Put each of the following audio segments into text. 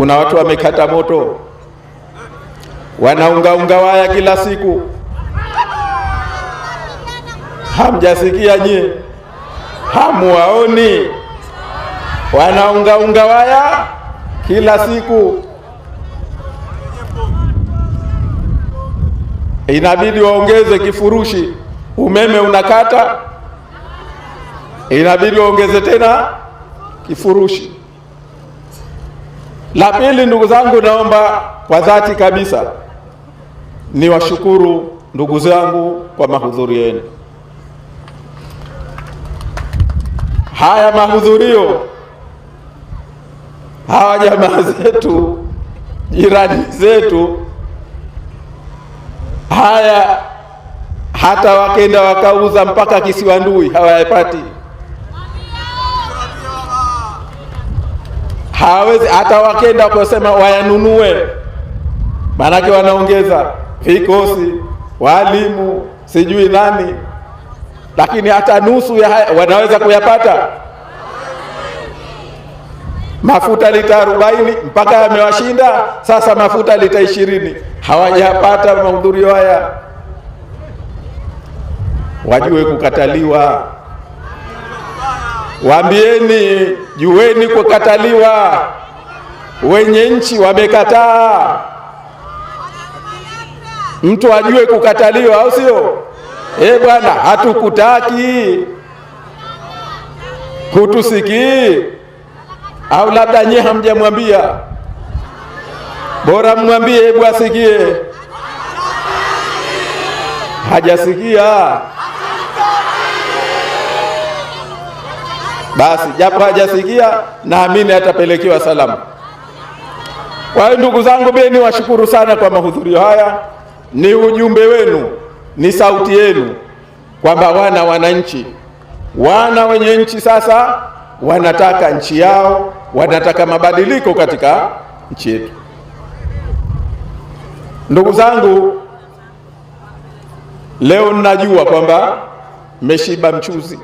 Kuna watu wamekata moto, wanaungaunga waya kila siku. Hamjasikia nyie? Hamuwaoni? Wanaungaunga waya kila siku, inabidi waongeze kifurushi. Umeme unakata, inabidi waongeze tena kifurushi. La pili, ndugu zangu, naomba kwa dhati kabisa niwashukuru ndugu zangu kwa mahudhurio yenu. Haya mahudhurio, hawa jamaa zetu, jirani zetu, haya hata wakenda wakauza mpaka kisiwandui hawayapati. hawezi hata wakenda kusema wayanunue, maanake wanaongeza vikosi, walimu, sijui nani, lakini hata nusu ya haya wanaweza kuyapata. Mafuta lita arobaini mpaka yamewashinda sasa, mafuta lita ishirini hawajapata mahudhurio haya, wajue kukataliwa Waambieni, jueni kukataliwa, wenye nchi wamekataa. Mtu ajue kukataliwa, au sio? E bwana, hatukutaki hutusikii au labda nyie hamjamwambia? Bora mwambie hebu asikie. Hajasikia. Basi japo hajasikia, naamini atapelekewa salamu. Kwa hiyo ndugu zangu, mimi niwashukuru sana kwa mahudhurio haya. Ni ujumbe wenu, ni sauti yenu, kwamba wana wananchi, wana wenye nchi sasa wanataka nchi yao, wanataka mabadiliko katika nchi yetu. Ndugu zangu, leo ninajua kwamba mmeshiba mchuzi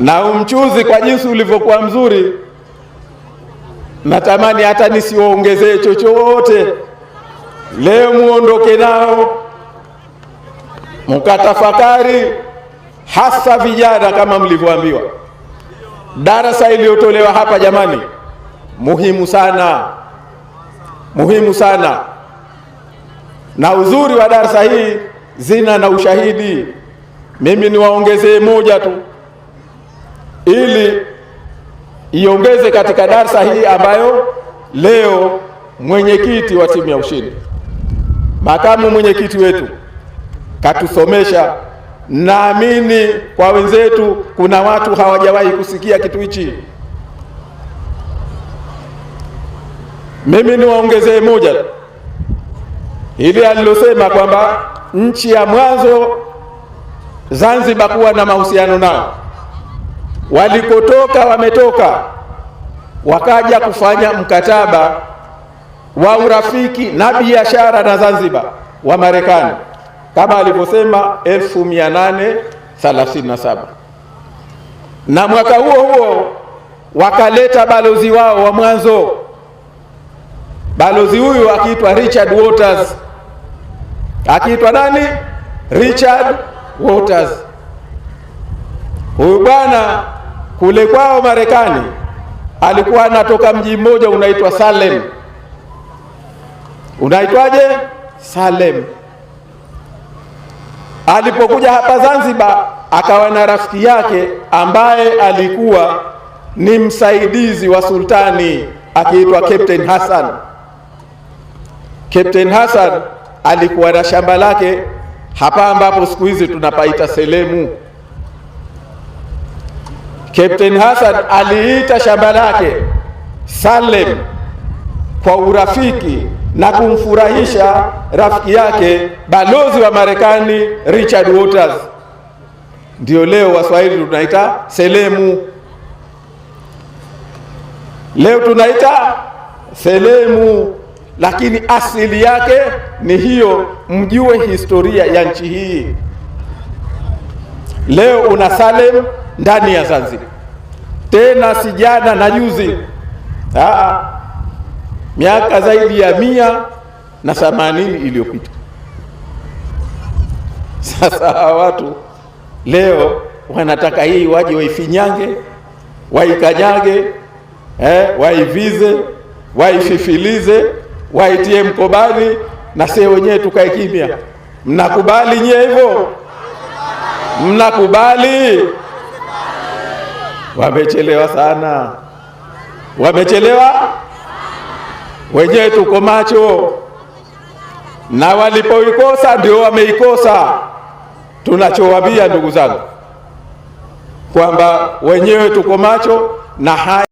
na umchuzi kwa jinsi ulivyokuwa mzuri, natamani hata nisiwaongezee chochote. Leo muondoke nao mkatafakari, hasa vijana, kama mlivyoambiwa darasa iliyotolewa hapa. Jamani, muhimu sana, muhimu sana. Na uzuri wa darasa hii zina na ushahidi. Mimi niwaongezee moja tu ili iongeze katika darsa hii ambayo leo mwenyekiti wa timu ya ushindi, makamu mwenyekiti wetu katusomesha. Naamini kwa wenzetu kuna watu hawajawahi kusikia kitu hichi. Mimi niwaongezee moja ili alilosema kwamba nchi ya mwanzo Zanzibar kuwa na mahusiano nao walikotoka wametoka, wakaja kufanya mkataba wa urafiki na biashara na Zanzibar wa Marekani kama alivyosema 1837 na mwaka huo huo wakaleta balozi wao wa mwanzo, balozi huyu akiitwa Richard Waters, akiitwa nani? Richard Waters. Huyu bwana kule kwao Marekani alikuwa anatoka mji mmoja unaitwa Salem. Unaitwaje? Salem. Alipokuja hapa Zanzibar akawa na rafiki yake ambaye alikuwa ni msaidizi wa sultani akiitwa Captain Hassan. Captain Hassan alikuwa na shamba lake hapa ambapo siku hizi tunapaita Selemu. Captain Hassan aliita shamba lake Salem kwa urafiki na kumfurahisha rafiki yake balozi wa Marekani Richard Waters. Ndio leo Waswahili tunaita selemu, leo tunaita selemu, lakini asili yake ni hiyo. Mjue historia ya nchi hii. Leo una Salem ndani ya Zanzibar, tena si jana na juzi, miaka zaidi ya mia na themanini iliyopita. Sasa hawa watu leo wanataka hii waje waifinyange, waikanyage, eh, waivize, waififilize, waitie mkobani na sie wenyewe tukae kimya. Mnakubali nyie hivyo? Mnakubali? Wamechelewa sana, wamechelewa wenyewe, tuko macho na walipoikosa ndio wameikosa. Tunachowaambia ndugu zangu kwamba wenyewe tuko macho na haya